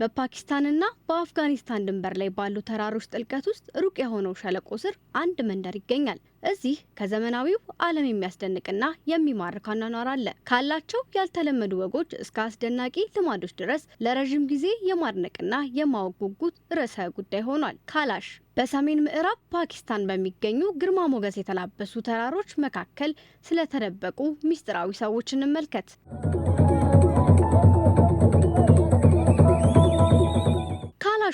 በፓኪስታንና በአፍጋኒስታን ድንበር ላይ ባሉ ተራሮች ጥልቀት ውስጥ ሩቅ የሆነው ሸለቆ ስር አንድ መንደር ይገኛል። እዚህ ከዘመናዊው ዓለም የሚያስደንቅና የሚማርክ አኗኗር አለ። ካላቸው ያልተለመዱ ወጎች እስከ አስደናቂ ልማዶች ድረስ ለረዥም ጊዜ የማድነቅና የማወቅ ጉጉት ርዕሰ ጉዳይ ሆኗል። ካላሽ በሰሜን ምዕራብ ፓኪስታን በሚገኙ ግርማ ሞገስ የተላበሱ ተራሮች መካከል ስለተደበቁ ሚስጥራዊ ሰዎች እንመልከት።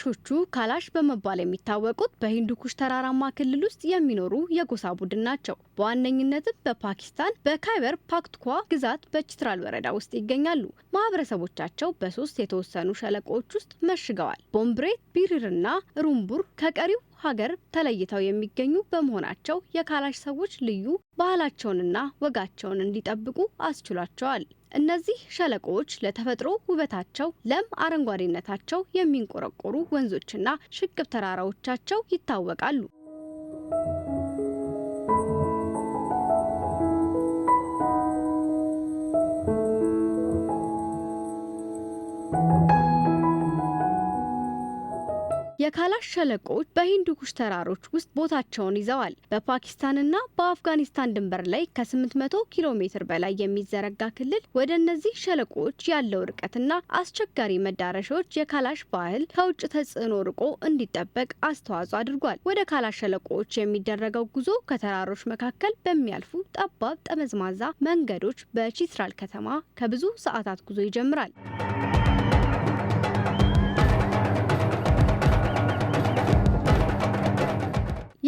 ግማሾቹ ካላሽ በመባል የሚታወቁት በሂንዱ ኩሽ ተራራማ ክልል ውስጥ የሚኖሩ የጎሳ ቡድን ናቸው። በዋነኝነትም በፓኪስታን በካይበር ፓክትኳ ግዛት በችትራል ወረዳ ውስጥ ይገኛሉ። ማህበረሰቦቻቸው በሶስት የተወሰኑ ሸለቆዎች ውስጥ መሽገዋል። ቦምብሬ፣ ቢሪርና ሩምቡር ከቀሪው ሀገር ተለይተው የሚገኙ በመሆናቸው የካላሽ ሰዎች ልዩ ባህላቸውንና ወጋቸውን እንዲጠብቁ አስችሏቸዋል። እነዚህ ሸለቆዎች ለተፈጥሮ ውበታቸው፣ ለም አረንጓዴነታቸው የሚንቆረቆሩ ወንዞችና ሽቅብ ተራራዎቻቸው ይታወቃሉ። የካላሽ ሸለቆዎች በሂንዱ ኩሽ ተራሮች ውስጥ ቦታቸውን ይዘዋል። በፓኪስታንና በአፍጋኒስታን ድንበር ላይ ከ800 ኪሎ ሜትር በላይ የሚዘረጋ ክልል ወደ እነዚህ ሸለቆዎች ያለው ርቀትና አስቸጋሪ መዳረሻዎች የካላሽ ባህል ከውጭ ተጽዕኖ ርቆ እንዲጠበቅ አስተዋጽኦ አድርጓል። ወደ ካላሽ ሸለቆዎች የሚደረገው ጉዞ ከተራሮች መካከል በሚያልፉ ጠባብ ጠመዝማዛ መንገዶች በቺትራል ከተማ ከብዙ ሰዓታት ጉዞ ይጀምራል።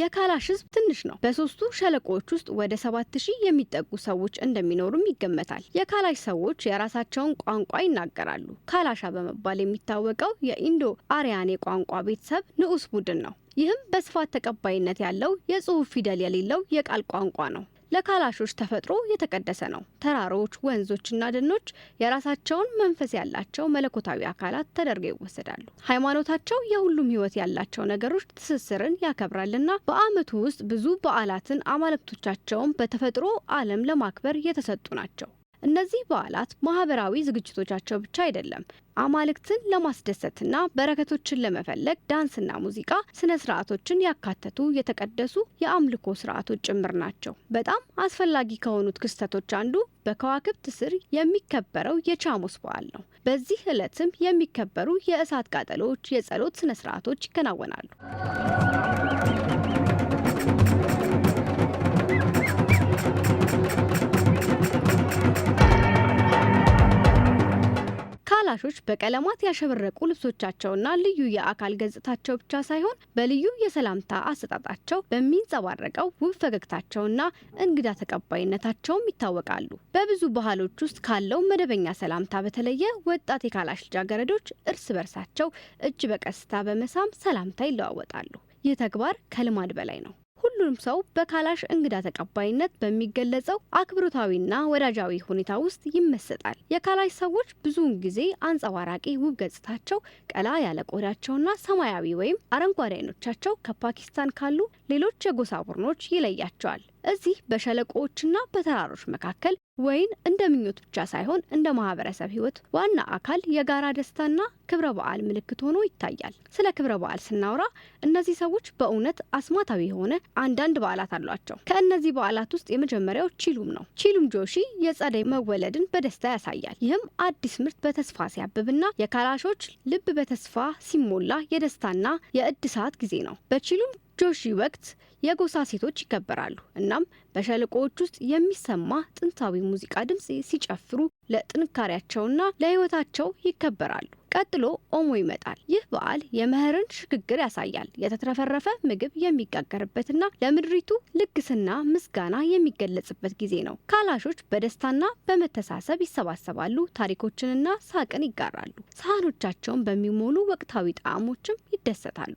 የካላሽ ህዝብ ትንሽ ነው። በሶስቱ ሸለቆዎች ውስጥ ወደ ሰባት ሺህ የሚጠጉ ሰዎች እንደሚኖሩም ይገመታል። የካላሽ ሰዎች የራሳቸውን ቋንቋ ይናገራሉ። ካላሻ በመባል የሚታወቀው የኢንዶ አሪያኔ ቋንቋ ቤተሰብ ንዑስ ቡድን ነው። ይህም በስፋት ተቀባይነት ያለው የጽሁፍ ፊደል የሌለው የቃል ቋንቋ ነው። ለካላሾች ተፈጥሮ የተቀደሰ ነው። ተራሮች፣ ወንዞችና ደኖች የራሳቸውን መንፈስ ያላቸው መለኮታዊ አካላት ተደርገው ይወሰዳሉ። ሃይማኖታቸው የሁሉም ህይወት ያላቸው ነገሮች ትስስርን ያከብራልና በአመቱ ውስጥ ብዙ በዓላትን አማልክቶቻቸውን በተፈጥሮ ዓለም ለማክበር የተሰጡ ናቸው። እነዚህ በዓላት ማህበራዊ ዝግጅቶቻቸው ብቻ አይደለም። አማልክትን ለማስደሰትና በረከቶችን ለመፈለግ ዳንስና ሙዚቃ ስነ ስርዓቶችን ያካተቱ የተቀደሱ የአምልኮ ስርዓቶች ጭምር ናቸው። በጣም አስፈላጊ ከሆኑት ክስተቶች አንዱ በከዋክብት ስር የሚከበረው የቻሞስ በዓል ነው። በዚህ ዕለትም የሚከበሩ የእሳት ቃጠሎዎች፣ የጸሎት ስነ ስርዓቶች ይከናወናሉ። ተንቀሳቃሾች በቀለማት ያሸበረቁ ልብሶቻቸውና ልዩ የአካል ገጽታቸው ብቻ ሳይሆን በልዩ የሰላምታ አሰጣጣቸው በሚንጸባረቀው ውብ ፈገግታቸውና እንግዳ ተቀባይነታቸውም ይታወቃሉ። በብዙ ባህሎች ውስጥ ካለው መደበኛ ሰላምታ በተለየ ወጣት የካላሽ ልጃገረዶች እርስ በርሳቸው እጅ በቀስታ በመሳም ሰላምታ ይለዋወጣሉ። ይህ ተግባር ከልማድ በላይ ነው። ሁሉም ሰው በካላሽ እንግዳ ተቀባይነት በሚገለጸው አክብሮታዊና ወዳጃዊ ሁኔታ ውስጥ ይመሰጣል። የካላሽ ሰዎች ብዙውን ጊዜ አንጸባራቂ ውብ ገጽታቸው፣ ቀላ ያለ ቆዳቸውና ሰማያዊ ወይም አረንጓዴ አይኖቻቸው ከፓኪስታን ካሉ ሌሎች የጎሳ ቡድኖች ይለያቸዋል። እዚህ በሸለቆዎችና በተራሮች መካከል ወይን እንደ ምኞት ብቻ ሳይሆን እንደ ማህበረሰብ ህይወት ዋና አካል የጋራ ደስታና ክብረ በዓል ምልክት ሆኖ ይታያል። ስለ ክብረ በዓል ስናወራ እነዚህ ሰዎች በእውነት አስማታዊ የሆነ አንዳንድ በዓላት አሏቸው። ከእነዚህ በዓላት ውስጥ የመጀመሪያው ቺሉም ነው። ቺሉም ጆሺ የጸደይ መወለድን በደስታ ያሳያል። ይህም አዲስ ምርት በተስፋ ሲያብብና የካላሾች ልብ በተስፋ ሲሞላ የደስታና የእድሳት ጊዜ ነው። በቺሉም ጆሺ ወቅት የጎሳ ሴቶች ይከበራሉ። እናም በሸለቆዎች ውስጥ የሚሰማ ጥንታዊ ሙዚቃ ድምፅ ሲጨፍሩ ለጥንካሬያቸውና ለሕይወታቸው ይከበራሉ። ቀጥሎ ኦሞ ይመጣል። ይህ በዓል የመኸርን ሽግግር ያሳያል። የተትረፈረፈ ምግብ የሚጋገርበትና ለምድሪቱ ልግስና ምስጋና የሚገለጽበት ጊዜ ነው። ካላሾች በደስታና በመተሳሰብ ይሰባሰባሉ፣ ታሪኮችንና ሳቅን ይጋራሉ። ሳህኖቻቸውን በሚሞሉ ወቅታዊ ጣዕሞችም ይደሰታሉ።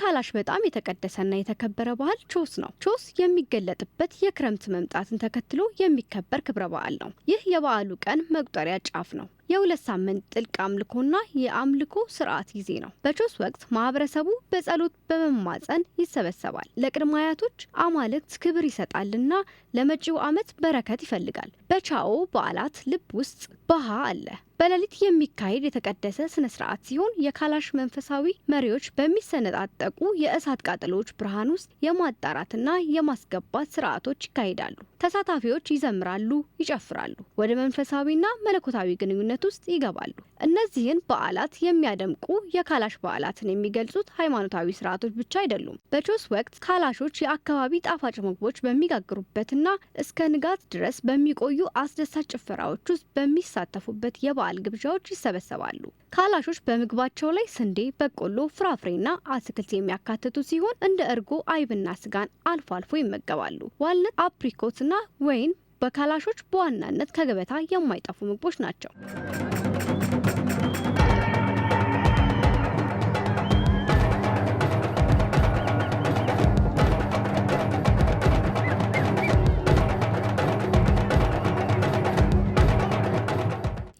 ካላሽ በጣም የተቀደሰና የተከበረ ባህል ቾስ ነው። ቾስ የሚገለጥበት የክረምት መምጣትን ተከትሎ የሚከበር ክብረ በዓል ነው። ይህ የበዓሉ ቀን መቁጠሪያ ጫፍ ነው። የሁለት ሳምንት ጥልቅ አምልኮና የአምልኮ ስርዓት ጊዜ ነው። በቾስ ወቅት ማህበረሰቡ በጸሎት በመማጸን ይሰበሰባል። ለቅድመ አያቶች አማልክት ክብር ይሰጣልና ለመጪው ዓመት በረከት ይፈልጋል። በቻኦ በዓላት ልብ ውስጥ ባሃ አለ። በሌሊት የሚካሄድ የተቀደሰ ስነ ስርዓት ሲሆን የካላሽ መንፈሳዊ መሪዎች በሚሰነጣጠቁ የእሳት ቃጠሎዎች ብርሃን ውስጥ የማጣራትና የማስገባት ስርዓቶች ይካሄዳሉ። ተሳታፊዎች ይዘምራሉ፣ ይጨፍራሉ፣ ወደ መንፈሳዊና መለኮታዊ ግንኙነት ውስጥ ይገባሉ። እነዚህን በዓላት የሚያደምቁ የካላሽ በዓላትን የሚገልጹት ሃይማኖታዊ ስርዓቶች ብቻ አይደሉም። በቾስ ወቅት ካላሾች የአካባቢ ጣፋጭ ምግቦች በሚጋግሩበትና እስከ ንጋት ድረስ በሚቆዩ አስደሳች ጭፈራዎች ውስጥ በሚሳተፉበት የበዓል ግብዣዎች ይሰበሰባሉ። ካላሾች በምግባቸው ላይ ስንዴ፣ በቆሎ፣ ፍራፍሬና አትክልት የሚያካትቱ ሲሆን እንደ እርጎ፣ አይብና ስጋን አልፎ አልፎ ይመገባሉ። ዋልነት፣ አፕሪኮት እና ወይን በካላሾች በዋናነት ከገበታ የማይጠፉ ምግቦች ናቸው።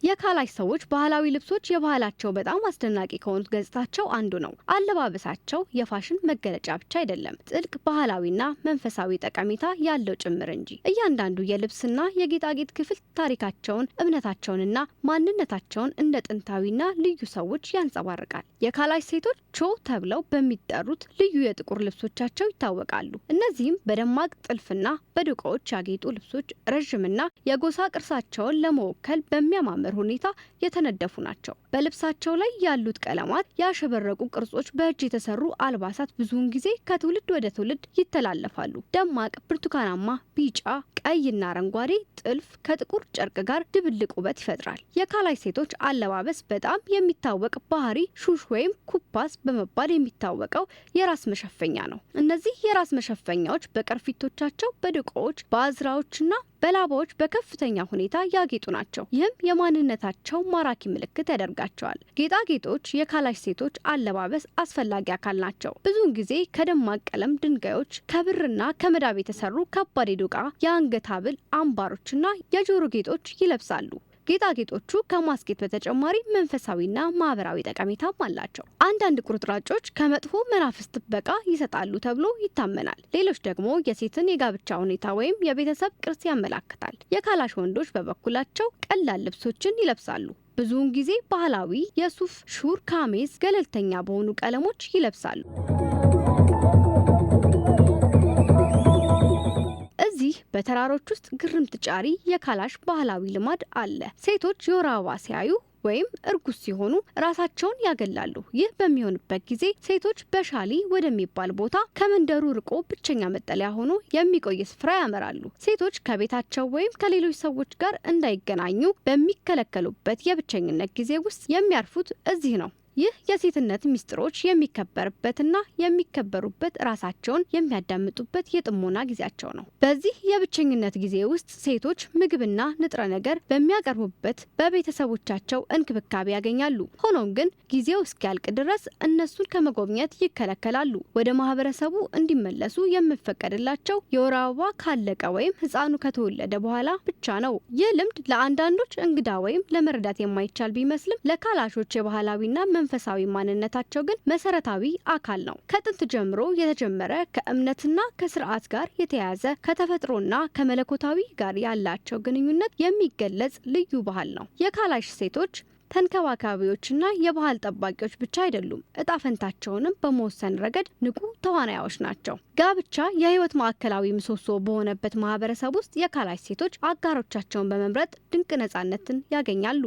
የካላሽ ሰዎች ባህላዊ ልብሶች የባህላቸው በጣም አስደናቂ ከሆኑት ገጽታቸው አንዱ ነው። አለባበሳቸው የፋሽን መገለጫ ብቻ አይደለም፣ ጥልቅ ባህላዊና መንፈሳዊ ጠቀሜታ ያለው ጭምር እንጂ። እያንዳንዱ የልብስና የጌጣጌጥ ክፍል ታሪካቸውን፣ እምነታቸውንና ማንነታቸውን እንደ ጥንታዊና ልዩ ሰዎች ያንጸባርቃል። የካላሽ ሴቶች ቾ ተብለው በሚጠሩት ልዩ የጥቁር ልብሶቻቸው ይታወቃሉ። እነዚህም በደማቅ ጥልፍና በዶቃዎች ያጌጡ ልብሶች ረዥምና የጎሳ ቅርሳቸውን ለመወከል በሚያማምር ሁኔታ የተነደፉ ናቸው። በልብሳቸው ላይ ያሉት ቀለማት፣ ያሸበረቁ ቅርጾች፣ በእጅ የተሰሩ አልባሳት ብዙውን ጊዜ ከትውልድ ወደ ትውልድ ይተላለፋሉ። ደማቅ ብርቱካናማ፣ ቢጫ፣ ቀይና አረንጓዴ ጥልፍ ከጥቁር ጨርቅ ጋር ድብልቅ ውበት ይፈጥራል። የካላይ ሴቶች አለባበስ በጣም የሚታወቅ ባህሪ ሹሽ ወይም ኩፓስ በመባል የሚታወቀው የራስ መሸፈኛ ነው። እነዚህ የራስ መሸፈኛዎች በቅርፊቶቻቸው፣ በድቆዎች፣ በአዝራዎችና በላባዎች በከፍተኛ ሁኔታ ያጌጡ ናቸው። ይህም የማንነታቸው ማራኪ ምልክት ያደርጋል። ያደርጋቸዋል። ጌጣጌጦች የካላሽ ሴቶች አለባበስ አስፈላጊ አካል ናቸው። ብዙውን ጊዜ ከደማቅ ቀለም ድንጋዮች፣ ከብርና ከመዳብ የተሰሩ ከባድ ዶቃ፣ የአንገት ሐብል፣ አምባሮችና የጆሮ ጌጦች ይለብሳሉ። ጌጣጌጦቹ ከማስጌጥ በተጨማሪ መንፈሳዊና ማህበራዊ ጠቀሜታም አላቸው። አንዳንድ ቁርጥራጮች ከመጥፎ መናፍስ ጥበቃ ይሰጣሉ ተብሎ ይታመናል። ሌሎች ደግሞ የሴትን የጋብቻ ሁኔታ ወይም የቤተሰብ ቅርስ ያመላክታል። የካላሽ ወንዶች በበኩላቸው ቀላል ልብሶችን ይለብሳሉ። ብዙውን ጊዜ ባህላዊ የሱፍ ሹር፣ ካሜዝ ገለልተኛ በሆኑ ቀለሞች ይለብሳሉ። እዚህ በተራሮች ውስጥ ግርምት ጫሪ የካላሽ ባህላዊ ልማድ አለ። ሴቶች የወር አበባ ሲያዩ ወይም እርጉዝ ሲሆኑ ራሳቸውን ያገላሉ። ይህ በሚሆንበት ጊዜ ሴቶች በሻሊ ወደሚባል ቦታ ከመንደሩ ርቆ ብቸኛ መጠለያ ሆኖ የሚቆይ ስፍራ ያመራሉ። ሴቶች ከቤታቸው ወይም ከሌሎች ሰዎች ጋር እንዳይገናኙ በሚከለከሉበት የብቸኝነት ጊዜ ውስጥ የሚያርፉት እዚህ ነው። ይህ የሴትነት ሚስጥሮች የሚከበርበትና የሚከበሩበት ራሳቸውን የሚያዳምጡበት የጥሞና ጊዜያቸው ነው። በዚህ የብቸኝነት ጊዜ ውስጥ ሴቶች ምግብና ንጥረ ነገር በሚያቀርቡበት በቤተሰቦቻቸው እንክብካቤ ያገኛሉ። ሆኖም ግን ጊዜው እስኪያልቅ ድረስ እነሱን ከመጎብኘት ይከለከላሉ። ወደ ማህበረሰቡ እንዲመለሱ የሚፈቀድላቸው የወር አበባ ካለቀ ወይም ህፃኑ ከተወለደ በኋላ ብቻ ነው። ይህ ልምድ ለአንዳንዶች እንግዳ ወይም ለመረዳት የማይቻል ቢመስልም ለካላሾች የባህላዊና መንፈሳዊ ማንነታቸው ግን መሰረታዊ አካል ነው። ከጥንት ጀምሮ የተጀመረ ከእምነትና ከስርዓት ጋር የተያያዘ ከተፈጥሮና ከመለኮታዊ ጋር ያላቸው ግንኙነት የሚገለጽ ልዩ ባህል ነው። የካላሽ ሴቶች ተንከባካቢዎችና የባህል ጠባቂዎች ብቻ አይደሉም። እጣፈንታቸውንም በመወሰን ረገድ ንቁ ተዋናዮች ናቸው። ጋብቻ የህይወት ማዕከላዊ ምሰሶ በሆነበት ማህበረሰብ ውስጥ የካላሽ ሴቶች አጋሮቻቸውን በመምረጥ ድንቅ ነጻነትን ያገኛሉ።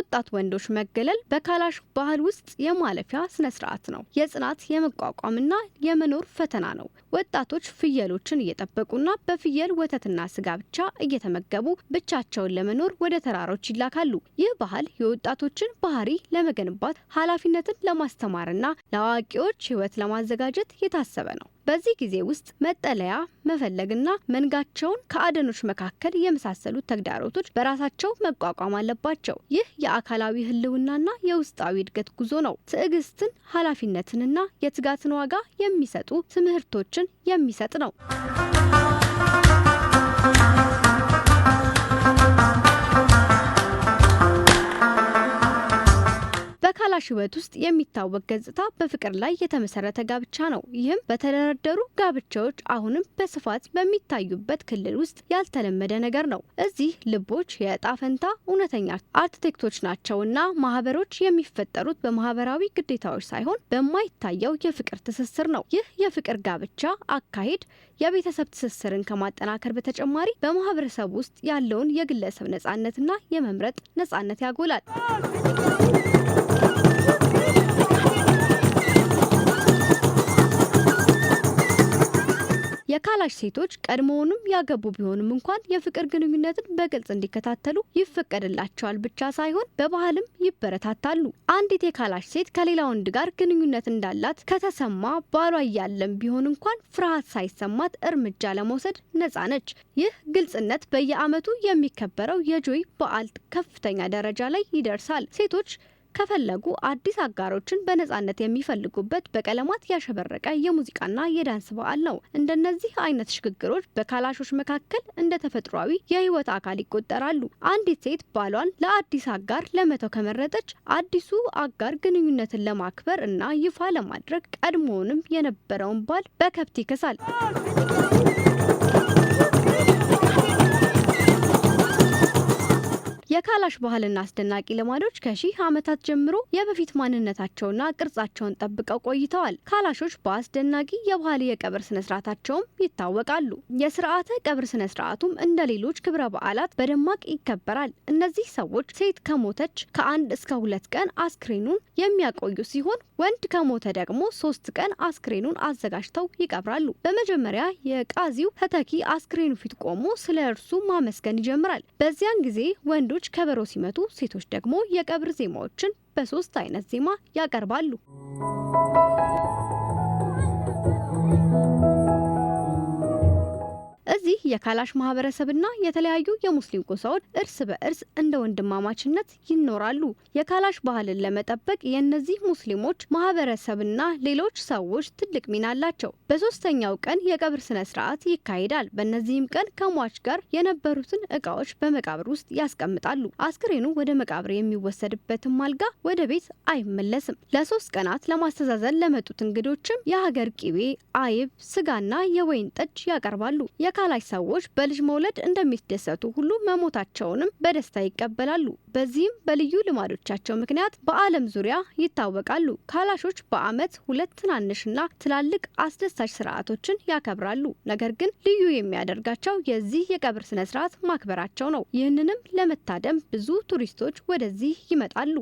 የወጣት ወንዶች መገለል በካላሽ ባህል ውስጥ የማለፊያ ስነ ስርዓት ነው። የጽናት የመቋቋምና የመኖር ፈተና ነው። ወጣቶች ፍየሎችን እየጠበቁና በፍየል ወተትና ስጋ ብቻ እየተመገቡ ብቻቸውን ለመኖር ወደ ተራሮች ይላካሉ። ይህ ባህል የወጣቶችን ባህሪ ለመገንባት ኃላፊነትን ለማስተማርና ለአዋቂዎች ህይወት ለማዘጋጀት የታሰበ ነው። በዚህ ጊዜ ውስጥ መጠለያ መፈለግና መንጋቸውን ከአደኖች መካከል የመሳሰሉት ተግዳሮቶች በራሳቸው መቋቋም አለባቸው። ይህ የአካላዊ ህልውናና የውስጣዊ እድገት ጉዞ ነው። ትዕግስትን፣ ኃላፊነትንና የትጋትን ዋጋ የሚሰጡ ትምህርቶችን የሚሰጥ ነው። በካላሽ ህይወት ውስጥ የሚታወቅ ገጽታ በፍቅር ላይ የተመሰረተ ጋብቻ ነው። ይህም በተደረደሩ ጋብቻዎች አሁንም በስፋት በሚታዩበት ክልል ውስጥ ያልተለመደ ነገር ነው። እዚህ ልቦች የእጣ ፈንታ እውነተኛ አርክቴክቶች ናቸውና ማህበሮች የሚፈጠሩት በማህበራዊ ግዴታዎች ሳይሆን በማይታየው የፍቅር ትስስር ነው። ይህ የፍቅር ጋብቻ አካሄድ የቤተሰብ ትስስርን ከማጠናከር በተጨማሪ በማህበረሰብ ውስጥ ያለውን የግለሰብ ነጻነትና የመምረጥ ነጻነት ያጎላል። የካላሽ ሴቶች ቀድሞውንም ያገቡ ቢሆንም እንኳን የፍቅር ግንኙነትን በግልጽ እንዲከታተሉ ይፈቀድላቸዋል ብቻ ሳይሆን በባህልም ይበረታታሉ። አንዲት የካላሽ ሴት ከሌላ ወንድ ጋር ግንኙነት እንዳላት ከተሰማ ባሏ እያለም ቢሆን እንኳን ፍርሃት ሳይሰማት እርምጃ ለመውሰድ ነጻ ነች። ይህ ግልጽነት በየዓመቱ የሚከበረው የጆይ በዓል ከፍተኛ ደረጃ ላይ ይደርሳል። ሴቶች ከፈለጉ አዲስ አጋሮችን በነጻነት የሚፈልጉበት በቀለማት ያሸበረቀ የሙዚቃና የዳንስ በዓል ነው። እንደነዚህ አይነት ሽግግሮች በካላሾች መካከል እንደ ተፈጥሯዊ የህይወት አካል ይቆጠራሉ። አንዲት ሴት ባሏን ለአዲስ አጋር ለመተው ከመረጠች አዲሱ አጋር ግንኙነትን ለማክበር እና ይፋ ለማድረግ ቀድሞውንም የነበረውን ባል በከብት ይከሳል። የካላሽ ባህልና አስደናቂ ልማዶች ከሺህ ዓመታት ጀምሮ የበፊት ማንነታቸውና ቅርጻቸውን ጠብቀው ቆይተዋል። ካላሾች በአስደናቂ የባህል የቀብር ስነስርዓታቸውም ይታወቃሉ። የስርዓተ ቀብር ስነስርዓቱም እንደ ሌሎች ክብረ በዓላት በደማቅ ይከበራል። እነዚህ ሰዎች ሴት ከሞተች ከአንድ እስከ ሁለት ቀን አስክሬኑን የሚያቆዩ ሲሆን ወንድ ከሞተ ደግሞ ሶስት ቀን አስክሬኑን አዘጋጅተው ይቀብራሉ። በመጀመሪያ የቃዚው ተተኪ አስክሬኑ ፊት ቆሞ ስለ እርሱ ማመስገን ይጀምራል። በዚያን ጊዜ ወንዶች ከበሮ ሲመቱ፣ ሴቶች ደግሞ የቀብር ዜማዎችን በሶስት አይነት ዜማ ያቀርባሉ። በዚህ የካላሽ ማህበረሰብና የተለያዩ የሙስሊም ጎሳዎች እርስ በእርስ እንደ ወንድማማችነት ይኖራሉ። የካላሽ ባህልን ለመጠበቅ የእነዚህ ሙስሊሞች ማህበረሰብና ሌሎች ሰዎች ትልቅ ሚና አላቸው። በሶስተኛው ቀን የቀብር ስነ ስርዓት ይካሄዳል። በእነዚህም ቀን ከሟች ጋር የነበሩትን እቃዎች በመቃብር ውስጥ ያስቀምጣሉ። አስክሬኑ ወደ መቃብር የሚወሰድበትም አልጋ ወደ ቤት አይመለስም። ለሶስት ቀናት ለማስተዛዘን ለመጡት እንግዶችም የሀገር ቂቤ፣ አይብ፣ ስጋና የወይን ጠጅ ያቀርባሉ። ወላጅ ሰዎች በልጅ መውለድ እንደሚደሰቱ ሁሉ መሞታቸውንም በደስታ ይቀበላሉ። በዚህም በልዩ ልማዶቻቸው ምክንያት በዓለም ዙሪያ ይታወቃሉ። ካላሾች በዓመት ሁለት ትናንሽና ትላልቅ አስደሳች ስርዓቶችን ያከብራሉ። ነገር ግን ልዩ የሚያደርጋቸው የዚህ የቀብር ስነ ስርዓት ማክበራቸው ነው። ይህንንም ለመታደም ብዙ ቱሪስቶች ወደዚህ ይመጣሉ።